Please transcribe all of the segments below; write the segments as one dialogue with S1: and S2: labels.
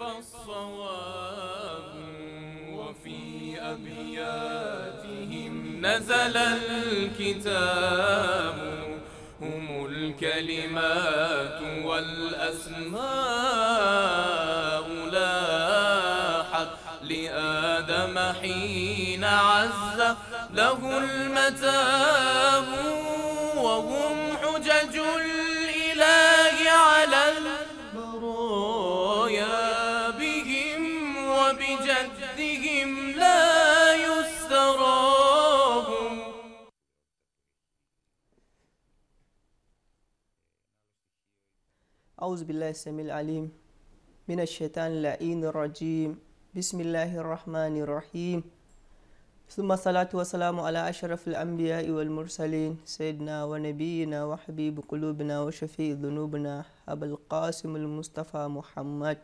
S1: فالصواب وفي أبياتهم نزل الكتاب هم الكلمات والأسماء لاحت لآدم حين عز له المتاب
S2: وهم حجج الإله على الأرض
S1: أعوذ بالله السميع العليم من الشيطان اللعين الرجيم بسم الله الرحمن الرحيم ثم الصلاة والسلام على أشرف الأنبياء والمرسلين سيدنا ونبينا وحبيب قلوبنا وشفيع ذنوبنا أبا القاسم المصطفى محمد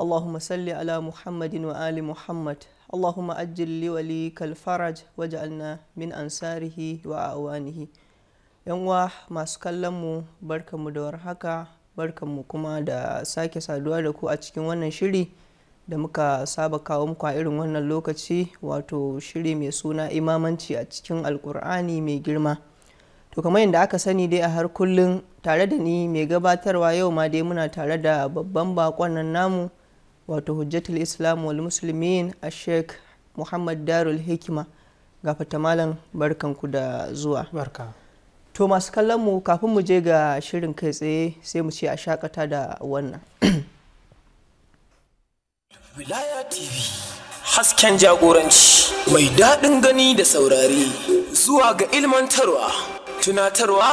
S1: اللهم صل على محمد وآل محمد اللهم أجل لوليك الفرج وجعلنا من أنصاره وأعوانه yan uwa masu kallon mu barkamu barkan mu kuma da sake saduwa da ku a cikin wannan shiri da muka saba kawo muku a irin wannan lokaci wato shiri mai suna imamanci a cikin alkur'ani mai girma to kamar yadda aka sani dai a har kullum tare da ni mai gabatarwa yau ma dai muna tare da babban bakon nan namu wato hujjatul islam wal muslimin a sheik muhammad darul hikima ga malam ku da zuwa to masu kallon mu kafin mu je ga shirin kai tsaye sai mu ce a shakata da wannan
S2: wilaya tv hasken jagoranci mai daɗin gani da saurari zuwa ga ilmantarwa tunatarwa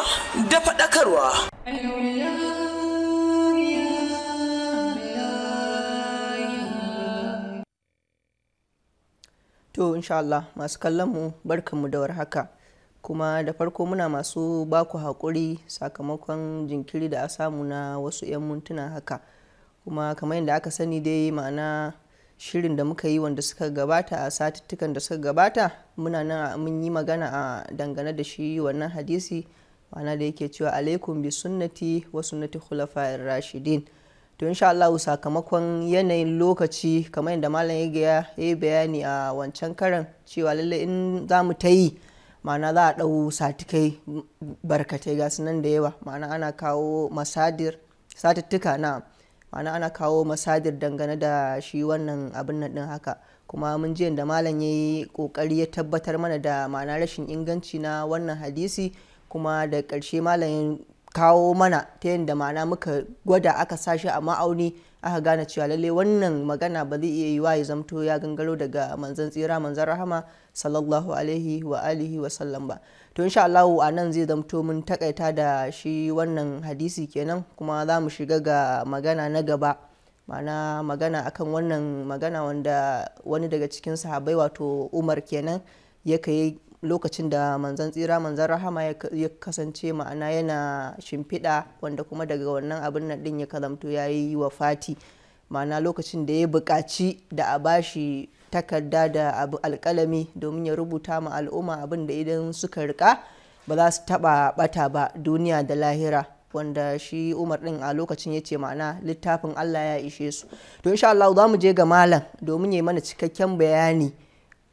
S2: da faɗakarwa
S1: to insha Allah masu kallon mu barkanmu da warhaka haka kuma da farko muna masu baku haƙuri sakamakon jinkiri da a samu na wasu 'yan mintuna haka kuma kamar yadda aka sani dai ma'ana shirin da muka yi wanda suka gabata a satittukan da suka gabata muna nan mun yi magana a dangane da shi wannan hadisi ma'ana da yake cewa alaikum bi sunnati wa sunnati khulafa'ir rashidin to insha Allah sakamakon yanayin lokaci kamar yadda malam ya ya bayani a wancan karan cewa lalle in zamu ta yi ma'ana za a ɗau satikai barkatai ga nan da yawa ma'ana ana kawo masadir satuttuka na ma'ana ana kawo masadir dangane da shi wannan abin nan ɗin haka kuma mun ji da malam ya yi ƙoƙari ya tabbatar mana da ma'ana rashin inganci na wannan hadisi kuma da ƙarshe malam kawo mana ta yadda ma'ana muka gwada aka sashi a ma'auni aka gane cewa lalle wannan magana ba zai iya wa ya zamto ya gangaro daga manzan tsira manzan rahama sallallahu alaihi wa alihi wa sallam ba to insha Allah a nan zai zamto mun takaita da shi wannan hadisi kenan kuma za mu shiga ga magana na gaba ma'ana magana akan wannan magana wanda wani daga cikin sahabai wato Umar kenan ya kai lokacin da manzan tsira manzan rahama ya kasance ma'ana yana shimfiɗa wanda kuma daga wannan abin nan ɗin ya kalamto ya yi wa fati ma'ana lokacin da ya buƙaci da a bashi takarda da abu alƙalami domin ya rubuta ma al'umma abin da idan suka rika ba za su taɓa ɓata ba duniya da lahira wanda shi umar ɗin a lokacin ya ce ma'ana littafin allah ya ishe su to insha allahu za mu je ga malam domin ya mana cikakken bayani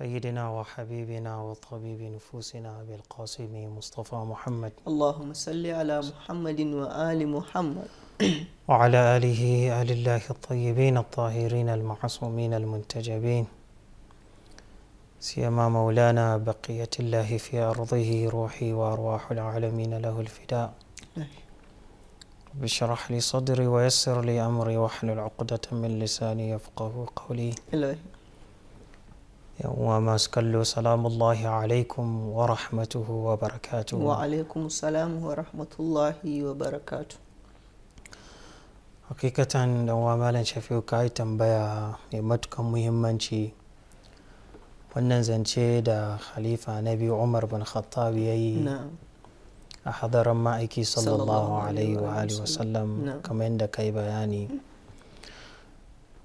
S2: سيدنا وحبيبنا وطبيب نفوسنا أبي القاسم مصطفى محمد
S1: اللهم صل على محمد وآل محمد
S2: وعلى آله آل الله الطيبين الطاهرين المعصومين المنتجبين سيما مولانا بقية الله في أرضه روحي وأرواح العالمين له الفداء بشرح اشرح لي صدري ويسر لي أمري واحلل عقدة من لساني يفقه قولي إلهي yawwa masu kallo salamullahi alaikum wa rahmatuhu wa barakatu wa
S1: alaikum salamu wa rahmatullahi wa barakatu
S2: hakikatan dan wa malam shafi'u ka yi tambaya mai matukan muhimmanci wannan zance da khalifa na biyu umar bin khattab ya yi a hadarin ma'aiki sallallahu alaihi wa sallam kamar yadda ka yi bayani mm.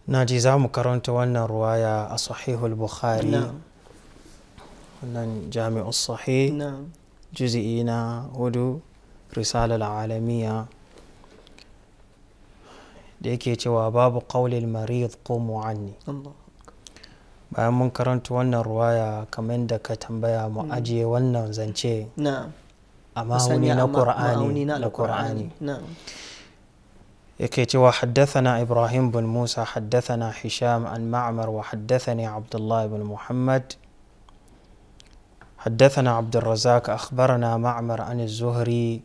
S2: na ji za mu karanta wannan ruwaya a sahihul bukhari wannan jami'ar sahih juzi'i na hudu risalar alamiya da yake cewa babu ƙaulil marid ko mu'anni bayan mun karanta wannan ruwaya kamar da ka tambaya mu hmm. ajiye wannan zance
S1: a ma'auni na ƙur'ani
S2: يكيتي وحدثنا إبراهيم بن موسى حدثنا هشام عن معمر وحدثني عبد الله بن محمد حدثنا عبد الرزاق أخبرنا معمر عن الزهري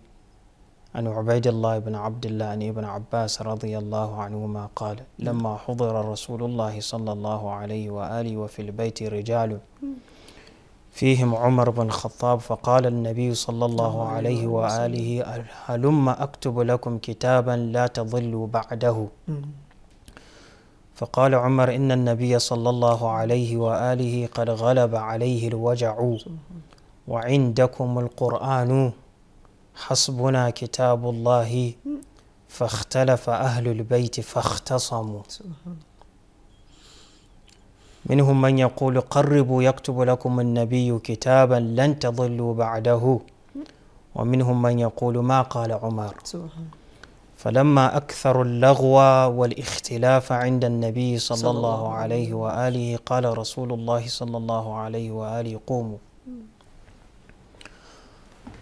S2: عن عبيد الله بن عبد الله عن ابن عباس رضي الله عنهما قال لما حضر رسول الله صلى الله عليه وآله وفي البيت رجال فيهم عمر بن الخطاب فقال النبي صلى الله عليه وآله هلم أكتب لكم كتابا لا تضلوا بعده فقال عمر إن النبي صلى الله عليه وآله قد غلب عليه الوجع وعندكم القرآن حسبنا كتاب الله فاختلف أهل البيت فاختصموا منهم من يقول قربوا يكتب لكم النبي كتابا لن تضلوا بعده ومنهم من يقول ما قال عمر فلما أكثر اللغو والاختلاف عند النبي صلى الله عليه وآله قال رسول الله صلى الله عليه وآله قوموا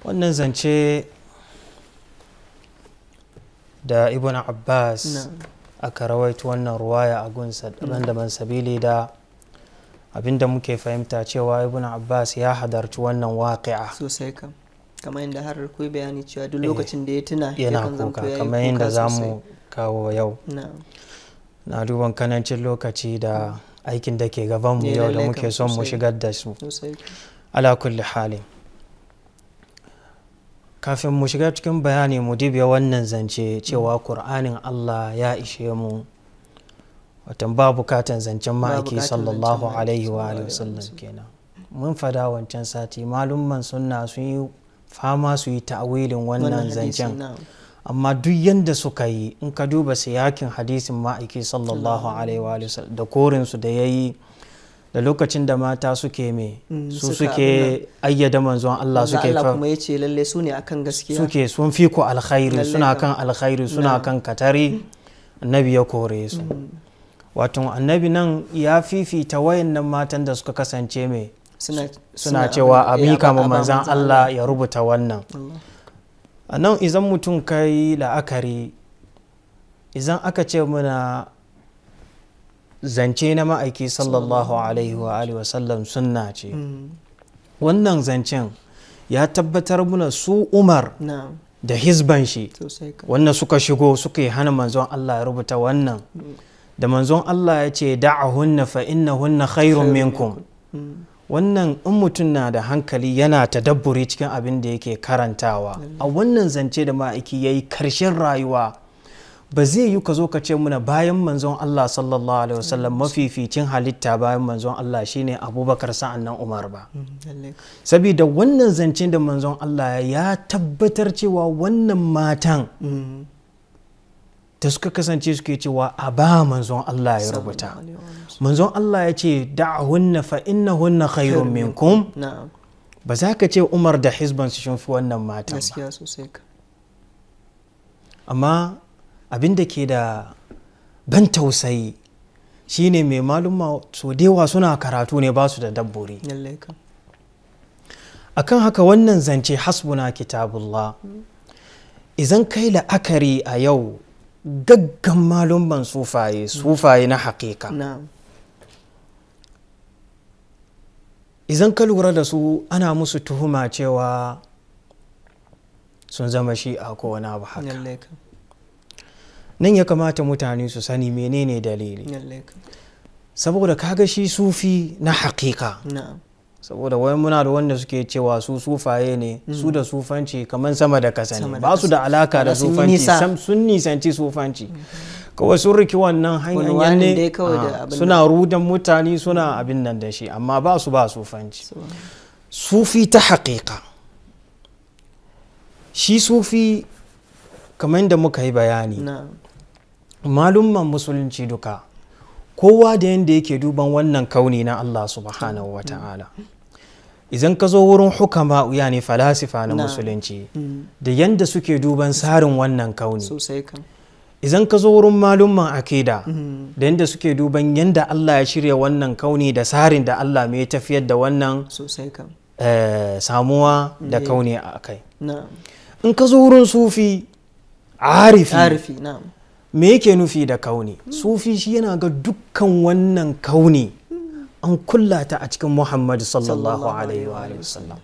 S2: wannan شيء دا ابن عباس نعم. أكرويت rawaito رواية أقول a gunsa daban-daban abinda muke fahimta cewa ibn abbas ya hadarci wannan waƙi'a sosai
S1: kam kamar yadda har ku bayani cewa duk eh, lokacin da ya tuna yana kuka kamar yadda za mu
S2: kawo yau na duban kanancin lokaci da aikin da ke gabanmu eh, yau da muke son mu shigar da su ala kulli kafin mu shiga cikin bayani mu dibiya wannan zance cewa kur'anin allah ya ishe mu watan ba bukatan zancen ma'aiki sallallahu alaihi wa sallam kenan mun fada wancan sati malumman sunna sun yi fama su yi ta'awilin wannan zancen amma duk yadda suka yi in ka duba siyakin hadisin ma'aiki sallallahu alaihi wa sallam da korinsu da ya yi da lokacin da mata suke me mm, su suke ayyada manzon Allah suke Allah kuma
S1: yace lalle su ne akan gaskiya suke sun fi ku alkhairi suna kan
S2: alkhairi suna kan katari annabi ya kore su mm. wato annabi nan ya fifita wayannan matan da suka kasance mai suna cewa abika ma manzan Allah ya rubuta wannan a nan izan mutum kai la'akari izan aka ce muna zance na ma'aiki sallallahu alaihi wa wasallam sunna ce mm. wannan zancen ya tabbatar muna su umar da hizban shi wanda suka shigo suka yi hana manzon Allah ya rubuta wannan mm. da manzon Allah ya ce da'ahunna fa innahunna khairun minkum hmm. wannan in mutum na da hankali yana ta dabburi cikin abin da yake karantawa a wannan zance da ma'aiki yayi karshen rayuwa ba zai yi ka zo ka ce muna bayan manzon Allah sallallahu alaihi wasallam mafificin halitta bayan manzon Allah shine abubakar sa'an umar ba hmm, sabida wannan zancen da manzon Allah ya tabbatar cewa wannan matan hmm. da suka kasance suke cewa a ba manzon Allah ya rubuta manzon Allah ya ce da'ahunna fa innahunna khairun minkum ba za ka ce Umar da Hizban su shunfi wannan matan ba amma abin da ke da ban tausayi shine mai maluma so dewa suna karatu ne ba su da dabbori akan haka wannan zance hasbuna kitabullah mm. izan kai la'akari a yau gaggan ban sufaye sufaye na hakika izan ka lura da su ana musu tuhuma cewa sun zama shi'a ko wani abu haka nan ya kamata mutane su sani menene dalili saboda kaga shi sufi na hakika saboda wai muna da wanda suke cewa su sufaye ne hmm. su da sufanci kamar sama da kasani ba su da alaka da sufanci sun nisanci sufanci hmm. kawai sun riki wannan hanyar ne suna rudan mutane suna abin nan da shi amma ba su ba sufanci sufi ta haƙiƙa shi sufi kamar da muka yi bayani malumman musulunci duka kowa da yadda yake duban wannan kauni na Allah subhanahu wa ta'ala idan ka zo wurin hukama ya ne falasifa na musulunci hmm. da yadda suke duban tsarin wannan kauni idan ka zo wurin malumman akida hmm. da yadda suke duban yadda Allah ya shirya wannan kauni da tsarin da Allah mai tafiyar da wannan eh, samuwa da eh. kauni a kai in ka zo wurin sufi arifi me yake nufi da kauni sufi shi yana ga dukkan wannan kauni an kulla ta a cikin muhammadu sallallahu alaihi wa
S1: sallam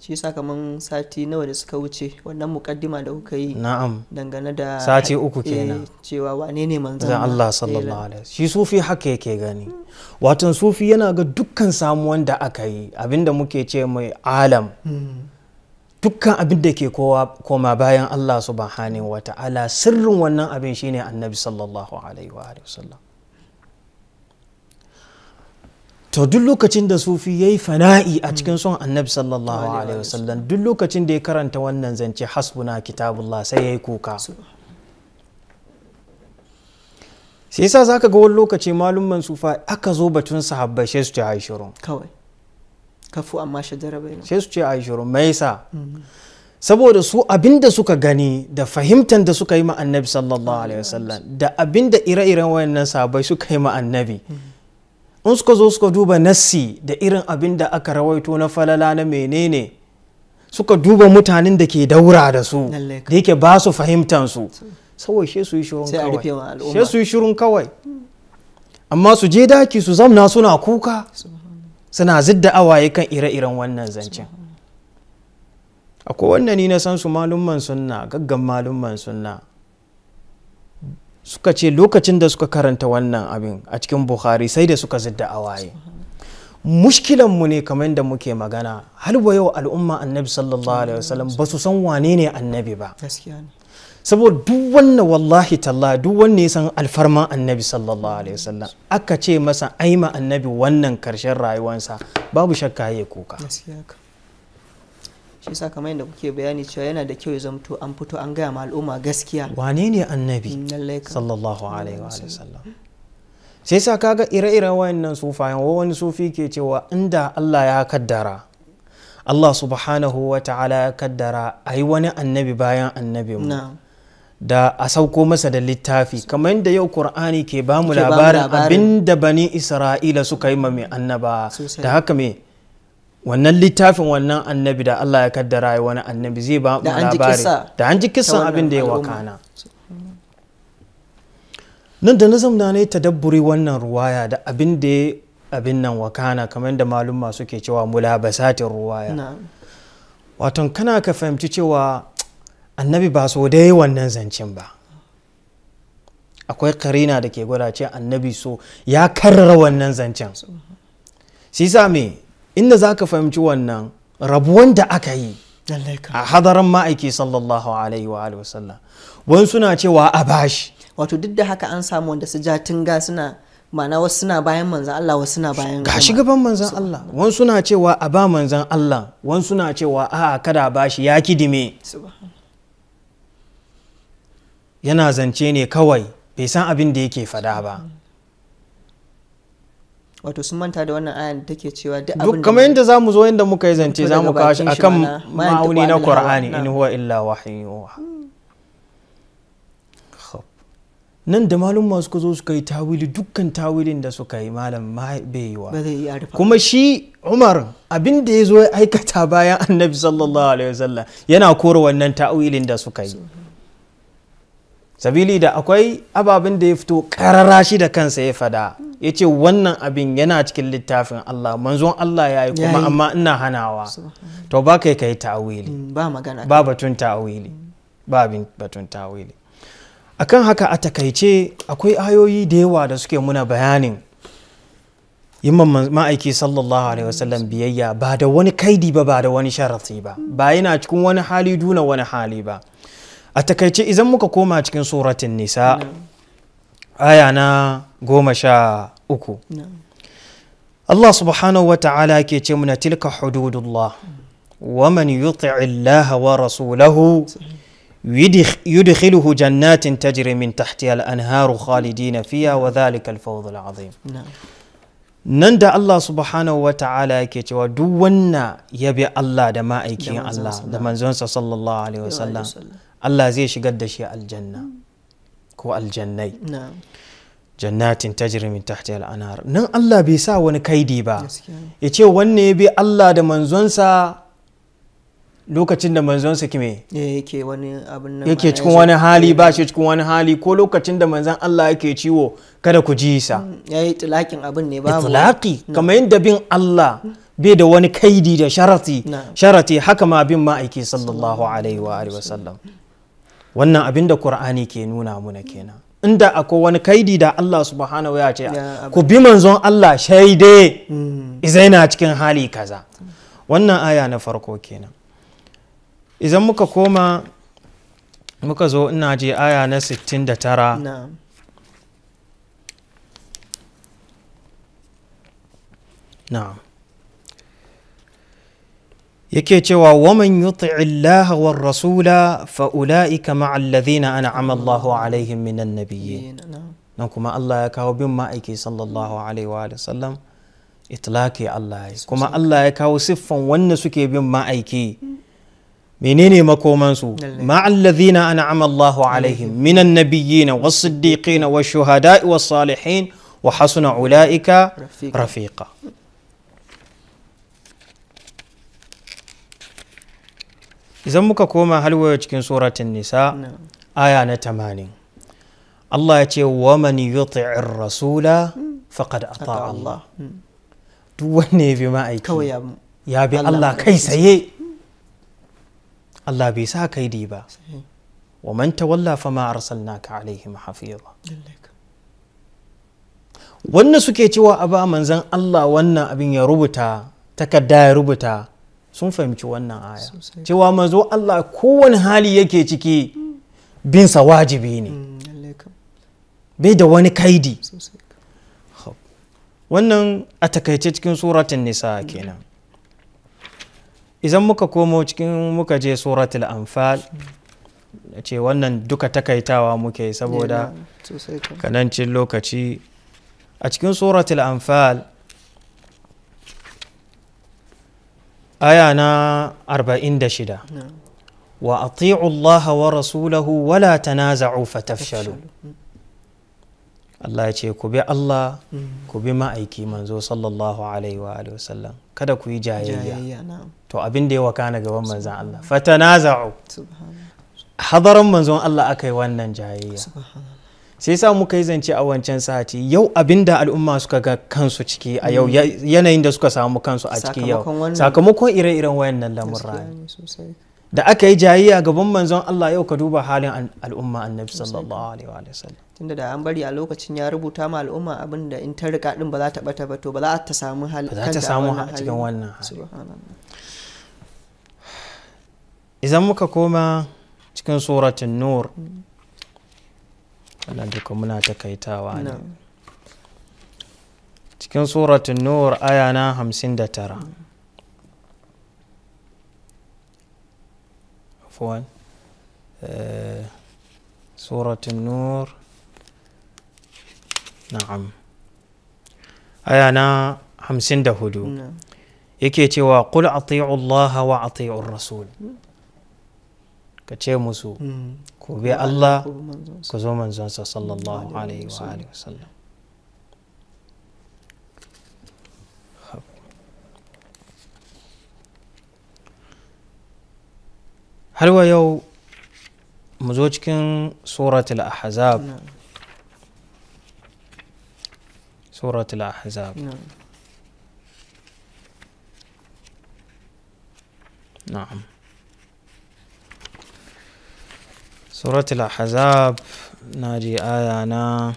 S1: shi sakamakon sati nawa da suka wuce wannan mukaddima da kuka yi na'am dangane da sati uku eh, kenan cewa wane ne manzon Allah sallallahu alaihi
S2: shi sufi haka yake gani watan sufi yana ga dukkan samuwan da aka yi abinda muke ce mai alam hmm. dukkan abin da ke koma bayan Allah subhanahu wa ta'ala sirrin wannan abin shine annabi sallallahu alaihi wa sallam to duk lokacin da sufi ya yi fana'i a cikin son annabi sallallahu alaihi sallam duk lokacin da ya karanta wannan zance hasbuna kitabullah sai ya yi kuka sai yasa zaka ga wani lokaci malumman sufa aka zo batun sahabbai sai su ta kawai kafu amma shajara bainahum sai su ce a shiru sa saboda su abinda suka gani da fahimtar da suka yi ma annabi sallallahu alaihi wasallam da abinda ire-iren wayannan sahabbai suka yi ma annabi in suka zo suka duba nassi da irin abin da aka rawaito na falala na menene suka duba mutanen da ke daura da su da yake ba su fahimtar su
S1: saboda she su yi shirun kawai she su yi
S2: shirun kawai amma su je daki su zamna suna kuka suna zidda awaye kan ire-iren wannan zancen akwai wanda ni na san su malumman sunna gaggan malumman sunna suka ce lokacin da suka karanta wannan abin a cikin bukhari sai da suka zidda awaye mu ne kamar da muke magana halwa yau al'umma annabi sallallahu alaihi wasallam ba su san wane ne annabi ba saboda duk wannan wallahi talla duk wanne san alfarma annabi sallallahu alaihi wasallam aka ce masa aima annabi wannan karshen rayuwansa babu shakka ya kuka
S1: shi sa kamar yadda kuke bayani cewa yana da kyau ya zamto an fito an gaya ma al'umma gaskiya
S2: wane ne annabi mm, sallallahu alaihi
S1: wasallam
S2: sai sa kaga ire-iren wayannan sufayen wani sufi ke cewa inda Allah ya kaddara Allah subhanahu wa ta'ala ya kaddara a yi wani annabi bayan mu. da a sauko masa da littafi kamar yadda yau qur'ani ke ba mu labarin abin da bani isra'ila suka yi mai annaba da haka me wannan littafin wannan annabi da allah ya kaddara ya wani annabi zai ba mu labari da an ji kisan abin da ya wakana nan da na ne tadabburi wannan ruwaya da abin da ya abin nan wakana kamar yadda masu suke cewa mulabasatin ruwaya waton kana ka fahimci cewa annabi ba so da yi wannan zancen ba akwai karina da ke gwada ce annabi so ya karrara wannan zancen shi me inda za ka fahimci wannan rabuwan da aka yi a hadarin ma'aiki sallallahu
S1: alaihi wa wasallam wani suna cewa a bashi wato duk da haka an samu wanda su ja tunga suna mana wasu suna bayan manzan Allah wasu suna bayan ga gaban manzan Allah wani suna
S2: cewa a ba manzan Allah wani suna cewa a kada bashi ya kidime yana zance ne kawai bai san abin da yake fada ba
S1: wato sun manta da wannan ayan take cewa duk abin kamar yadda
S2: zamu zo yadda muka yi zance zamu kawo shi akan ma'auni na Qur'ani in huwa illa wahyin yuha nan da malum masu ka zo suka yi tawili dukkan tawilin da suka yi malam ma bai yi wa kuma shi umar abin da ya zo ya aikata bayan annabi sallallahu alaihi wasallam yana kora wannan tawilin da suka yi sabili da akwai ababin da ya fito karara shi da kansa ya fada ya ce wannan abin yana cikin littafin Allah manzon Allah ya yi kuma amma ina hanawa to ba kai yi ta'awili mm, ba magana ba batun ta'awili ba abin batun ta'awili akan haka a takaice akwai ayoyi da yawa da suke muna bayanin yin ma'aiki sallallahu alaihi wasallam biyayya ba da wani kaidi ba ba da wani sharati ba ba yana cikin wani hali duna wani hali ba a takaice idan muka koma cikin suratin nisa aya na goma sha uku Allah subhanahu wa ta'ala ke ce muna tilka hududullah wa man yuti'i Allah wa rasulahu يدخله جنات تجري من تحتها الأنهار خالدين فيها وذلك الفوز العظيم nan da Allah subhanahu wa ta'ala yake cewa duk wannan yabi Allah da ma'aikin Allah da manzonsa sallallahu alaihi wasallam Allah zai shigar da shi aljanna ko aljannai jannatin tajri min tahtiha al nan Allah bai sa wani kaidi ba ya ce wanne ya bi Allah da manzonsa lokacin da manzonsa kime
S1: yake cikin wani
S2: hali ba shi cikin wani hali ko lokacin da manzon Allah yake ciwo kada ku ji sa mm,
S1: yi tilakin abin ne babu tilaki
S2: kamar yadda bin Allah bai da wani kaidi da sharati sharati haka ma bin ma'aiki sallallahu alaihi wa sallam. wasallam wannan abin da qur'ani ke nuna muna kenan inda akwai wani kaidi da Allah subhanahu ya ce ku bi manzon Allah shaide mm. yana cikin hali kaza wannan aya na farko kenan idan muka koma muka zo ina je aya na 69 na'am yake cewa waman yuti'i Allah war rasula fa ulaika ma'a alladhina an'ama Allahu alaihim minan nabiyyin nan kuma Allah ya kawo bin ma'aiki sallallahu alaihi wa sallam itlaki Allah kuma Allah ya kawo siffan wanda suke bin ma'aiki menene makomansu ma'allazina an'ama Allahu alaihim minan nabiyyin was-siddiqin wash-shuhada'i was-salihin wa hasuna ulaika rafiqa idan muka koma halwaya cikin suratun nisa aya na tamanin Allah ya ce wa man yuti'ir rasula faqad ata Allah hmm. duk wanne ya bi ma'aiki ya bi Allah kai saye Allah bai sa kaidi ba wa man tawalla fa ma arsalnaka alaihim hafiza wannan suke cewa a ba manzon Allah wannan abin ya rubuta takarda ya rubuta sun fahimci wannan aya cewa mazo Allah kowane hali yake ciki binsa wajibi ne mm, bai da wani kaidi wannan a takaice cikin suratun nisa kenan idan muka komo cikin muka je suratul anfal ce wannan duka takaitawa muke saboda kanancin lokaci a cikin suratul anfal aya na 46 wa ati'u Allah wa rasulahu wa la tanaza'u fatafshalu Allah ya ce ku bi Allah mm. ku bi ma'aiki manzo sallallahu alaihi wa alihi wasallam kada ku yi jayayya to abin da ya wakana gaban manzon Allah fatanaza'u Hadaran manzon Allah aka yi wannan jayayya sai sa muka yi zance a wancan sati yau abinda al'umma suka ga kansu ciki a yau yanayin da suka samu kansu a ciki yau sakamakon ire-iren wayannan lamurra da aka yi jayayya gaban manzon Allah yau ka duba halin al'umma annabi sallallahu alaihi wa sallam
S1: tunda da an bari a lokacin ya rubuta ma al'umma abin da in ta rika din ba za ta bata ba to ba za ta samu hali ba za ta samu a cikin wannan hali
S2: idan muka koma cikin suratun nur mm. wannan duka muna takaitawa ne cikin suratun nur aya na hamsin da tara عفوا سورة النور نعم أنا خمسين دهدو يكي تيوا قل أطيعوا الله وأطيعوا الرسول كتشي موسو كوبي الله كوزو منزون صلى الله عليه وآله وسلم حلوة يو مزوجكن سورة الأحزاب سورة الأحزاب نعم سورة الأحزاب ناجي آية أنا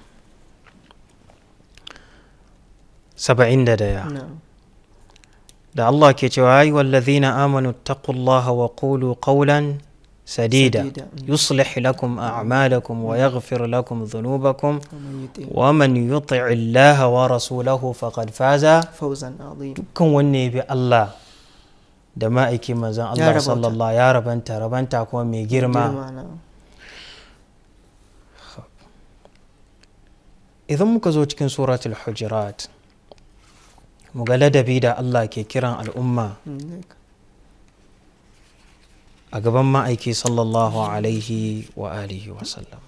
S2: سبعين ددا يا نعم. دا الله كي والذين آمنوا اتقوا الله وقولوا قولا سديدا يصلح لكم أعمالكم ويغفر لكم ذنوبكم ومن يطع الله ورسوله فقد فاز
S1: فوزا عظيما
S2: كن وني بالله دمائك مزان الله صلى الله يا رب أنت رب أنت أكون ميجرما idan muka zo cikin suratul hujurat mu ga ladabi da Allah ke kiran al'umma a gaban ma'aiki sallallahu alaihi wa alihi wa sallam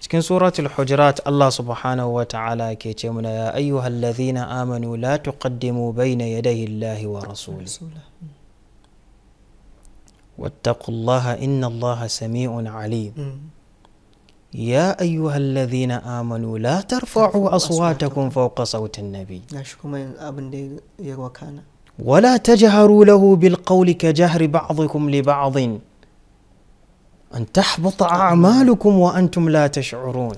S2: cikin suratul hujurat Allah subhanahu wa ta'ala ke ce muna ya ayyuhal ladhina amanu la tuqaddimu bayna yadayi Allahi wa rasulihi wattaqullaha inna Allaha sami'un alim يا أيها الذين آمنوا لا ترفعوا أصواتكم فوق صوت النبي ولا تجهروا له بالقول كجهر بعضكم لبعض أن تحبط أعمالكم وأنتم لا تشعرون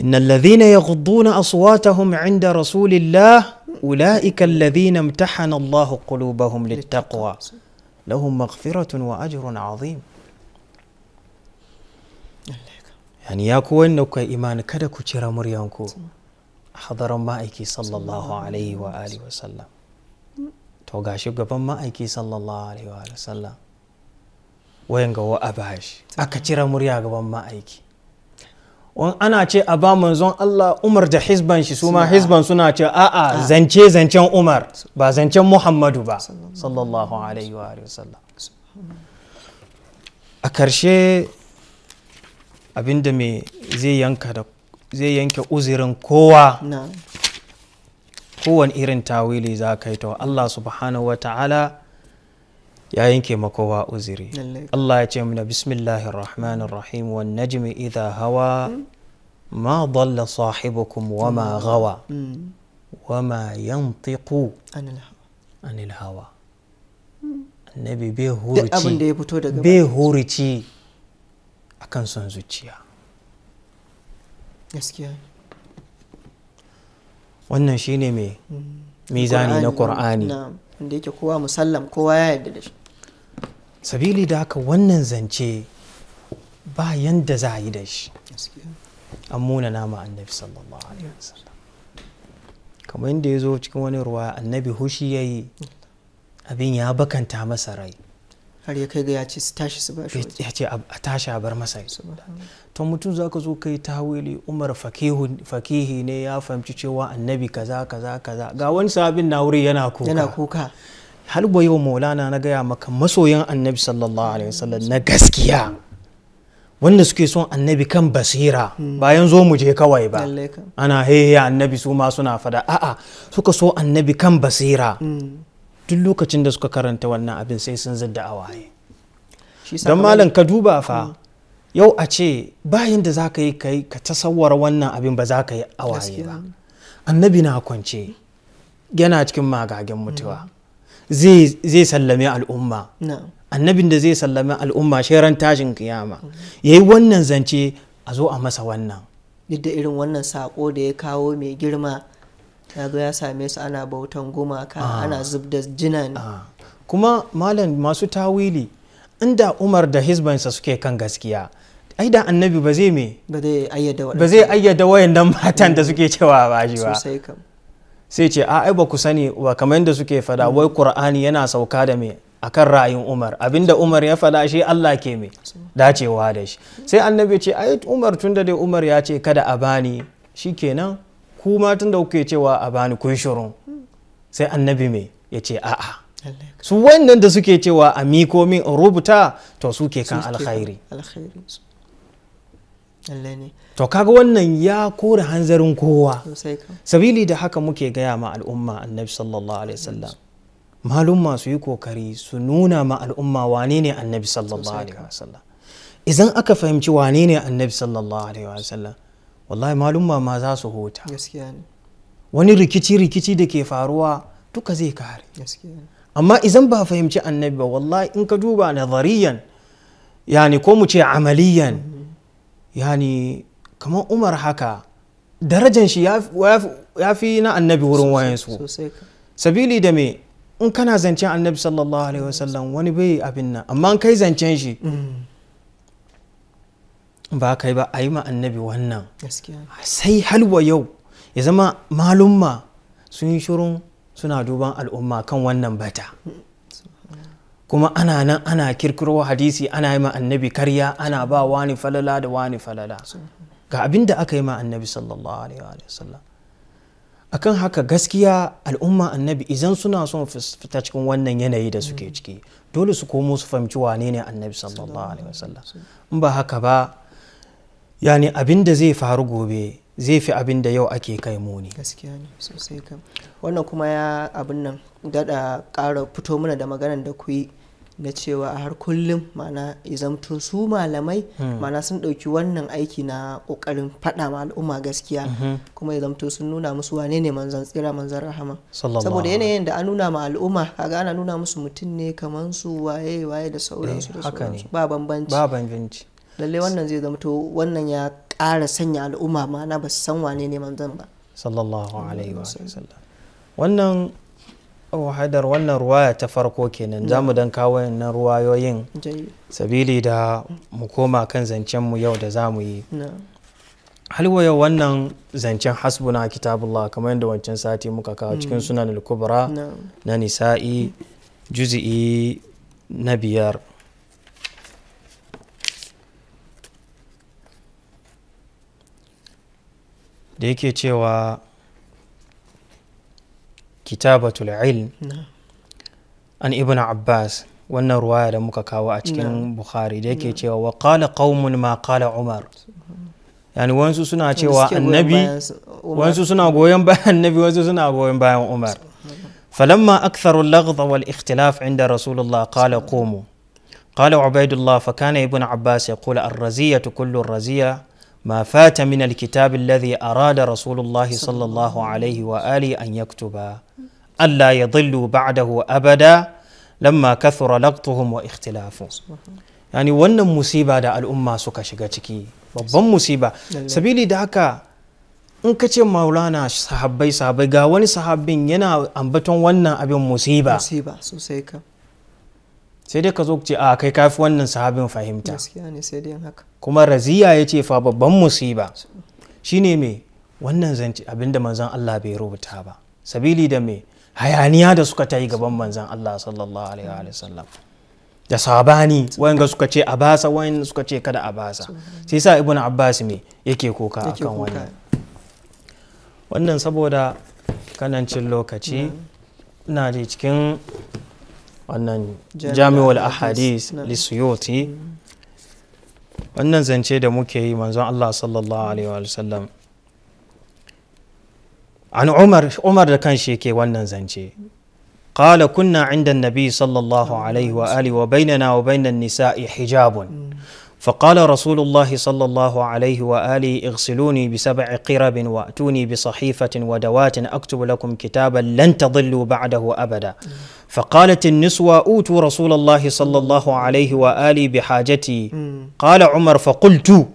S2: إن الذين يغضون أصواتهم عند رسول الله أولئك الذين امتحن الله قلوبهم للتقوى لهم مغفرة وأجر عظيم yani ya ku wanda kuka imani kada ku cira muryanku a hadaran ma'aiki sallallahu alaihi wa alihi wa sallam to ga gaban ma'aiki sallallahu alaihi wa sallam wayan ga wa abash aka cira murya gaban ma'aiki wani ana ce a ba manzon Allah Umar da hizban shi su ma hizban suna ce a'a zance zancen Umar ba zancen Muhammadu ba sallallahu alaihi wa sallam a karshe abinda mai zai yanka da zai yanke uzirin kowa kowane irin tawili za ka yi to Allah subhanahu wa ta'ala ya yanke makowa uziri Allah ya ce mana bismillahir rahmanir rahim wan najmi idha hawa ma dalla sahibukum wa ma mm. ghawa mm. wa ma yantiqu anil hawa mm. annabi bai hurici akan son zuciya gaskiya wannan shine mai
S1: mm.
S2: mizani na ƙur'ani
S1: wanda yake kowa musallam kowa ya yarda da shi
S2: sabili da haka wannan zance ba yanda za a yi da shi an muna nama annabi sallallahu alaihi kamar yadda ya zo cikin wani ruwa annabi hushi ya yi mm. abin ya bakanta masa rai har ya kai ga ya ce su tashi su ba shi ya ce a tashi a bar masa to mutum za ka zo kai ta tawili umar fakihi ne ya fahimci cewa annabi kaza kaza kaza ga wani sabin na wuri yana kuka yana kuka har ba yau maulana na gaya maka masoyan annabi sallallahu alaihi wasallam na gaskiya wanda suke son annabi kan basira hmm. bayan zo mu je kawai ba ana hehe annabi su ma suna fada a'a suka so annabi kan basira hmm. duk lokacin da suka karanta wannan abin sai sun zidda a waye don malam ka duba fa mm. yau a ce bayan da za ka yi ka tasawwara wannan abin ba za ka yi awaye ba annabi na kwance yana cikin magagen mutuwa mm. zai sallame al'umma annabin da zai sallame al'umma shiran tashin kiyama mm. ya yi wannan zance a zo a masa wannan
S1: duk irin wannan sako da ya kawo mai girma ya ya same su ana bautan gumaka ah. ana zub da jina ah. kuma malam masu
S2: tawili inda umar da hisbansa suke kan gaskiya ai da annabi ba zai me
S1: ba zai
S2: ayyada wayannan matan da suke cewa ba shi ba sai ce a ai ba ku sani ba kamar yadda suke fada mm. wai qur'ani yana sauka da me akan ra'ayin Umar abinda Umar ya fada shi Allah ke mai dacewa da shi sai annabi ce ai Umar tunda dai Umar ya ce kada a bani shi shikenan ku matan da kuke cewa a bani kun shirin sai annabi mai ya ce a'a su wannan da suke cewa a miko min in rubuta to suke kan alkhairi to kaga wannan ya kore hanzarin kowa sabili da haka muke gaya ma al'umma annabi sallallahu alaihi wasallam malum masu yi kokari su nuna ma al'umma wane ne annabi sallallahu alaihi wasallam idan aka fahimci wane ne annabi sallallahu alaihi wasallam wallahi malumma ma za su hota wani rikici-rikici da ke faruwa duka zai kare amma izan ba fahimci annabi ba wallahi in ka duba nazariyan yani ko mu ce amaliyan yani kamar umar haka darajan shi ya fi na annabi wurin wayansu sabili da me in kana zancen annabi sallallahu alaihi wasallam wani bai abin nan amma kai zancen shi mm. ba kai ba a yi ma annabi wannan sai halwa yau ya zama malumma sun yi shirin suna duban al'umma kan wannan bata kuma ana nan ana kirkiro hadisi ana yi ma annabi karya ana ba wani falala da wani falala ga abin da aka yi ma annabi sallallahu alaihi sallam akan haka gaskiya al'umma annabi idan suna son fita cikin wannan yanayi da suke mm. ciki dole su komo su fahimci wane ne annabi sallallahu alaihi sallam in ba haka ba yani abin da zai faru gobe zai fi abin da yau ake kai muni gaskiya ne sosai kan
S1: wannan kuma ya abin nan daɗa ƙara fito mana da maganar da ku yi na cewa a har kullum mana izamto su malamai mana hmm. sun ɗauki wannan aiki na ƙoƙarin faɗa ma al'umma gaskiya mm-hmm. kuma izamto sun nuna musu wane ne manzan tsira manzan rahama saboda yanayin da an nuna ma al'umma kaga ana nuna musu mutum ne kaman su waye waye da sauransu eh, da sauransu ba bambanci lalle wannan zai zama to wannan ya ƙara sanya al'umma ma na ba san wane ne manzon ba
S2: sallallahu alaihi wa sallam wannan wahadar oh, wannan ruwaya ta farko kenan za mu dan kawo na ruwayoyin sabili da mu koma kan zancen mu yau da za mu yi halwa yau wannan zancen hasbuna kitabullah kamar yadda wancan sati muka kawo mm. cikin sunan al-kubra na nisa'i juz'i na biyar da yake cewa kitabatul ilm an ibn abbas wannan ruwaya da muka kawo a cikin bukhari da yake cewa wa qala qaumun ma qala umar yani wansu suna cewa annabi wansu suna goyon bayan annabi wansu suna goyon bayan umar falamma aktharu al-laghdha wal ikhtilaf inda rasulullah qala qumu قال عبيد الله فكان ابن عباس يقول الرزية كل الرزية ما فات من الكتاب الذي أراد رسول الله صلى الله عليه وآله أن يكتب ألا abada بعده أبدا لما كثر لقطهم واختلافهم yani wannan musiba da al'umma suka shiga ciki babban musiba sabili da haka in ka ce maulana sahabbai sahabbai ga wani sahabbin yana ambaton wannan abin musiba musiba sosai ka sai dai ka zo ce a ah, kai kafi wannan sahabin fahimta kuma raziya ya ce fa babban musiba shine mai wannan zance abinda manzan Allah bai rubuta ba sabili da mai hayaniya da suka tayi gaban manzan Allah sallallahu alaihi wa da sabani wayanga suka ce a basa suka ce kada a basa sai sa ibnu abbas me yake koka akan wannan wannan saboda kanancin lokaci ina da cikin wannan jami'ul ahadis lisuyoti wannan zance da muke yi manzon Allah sallallahu alaihi wa sallam an umar da kanshi yake wannan zance قال كنا عند النبي صلى الله عليه وآله وبيننا وبين النساء حجاب فقال رسول الله صلى الله عليه وآله اغسلوني بسبع قرب وأتوني بصحيفة ودوات أكتب لكم كتابا لن تضلوا بعده أبدا فقالت النسوة أوتوا رسول الله صلى الله عليه وآله بحاجتي قال عمر فقلت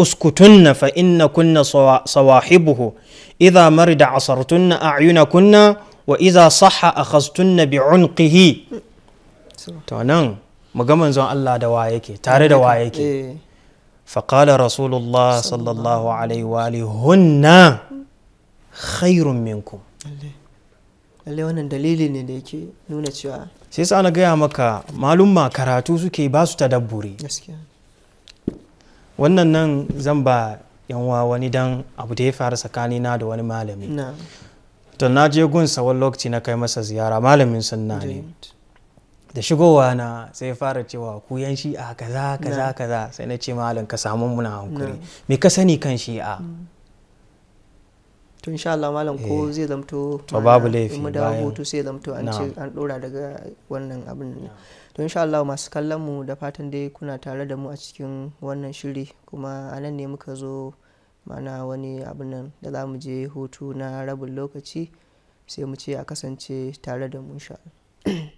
S2: اسكتن فإن كن صواحبه إذا مرد عصرتن أعينكن وإذا صح أخذتن بعنقه تنان mu ga manzon Allah da wa yake tare da wa yake eh. faƙala rasulullah sallallahu alaihi wa hunna khairun minkum
S1: lalle wannan dalili ne da yake nuna cewa
S2: sai sa na gaya maka malumma karatu suke ba su ta dabburi. wannan nan zan ba yanwa wani dan abu da ya faru na da wani malami to na je gunsa wani lokaci na kai masa ziyara malamin sunna ne da shigowa na sai fara cewa ku yanshi shi'a kaza kaza kaza sai na ce malam ka samu muna hankuri me ka sani kan shi'a
S1: mm. to insha Allah malam ko eh. zai zamto to babu laifi mu da hutu sai zamto an ce an dora daga wannan abin to insha Allah masu kallon mu da fatan dai kuna tare da mu a cikin wannan shiri kuma anan ne muka zo mana wani abin nan da za mu je hutu na rabin lokaci sai mu ce a kasance tare da mu insha Allah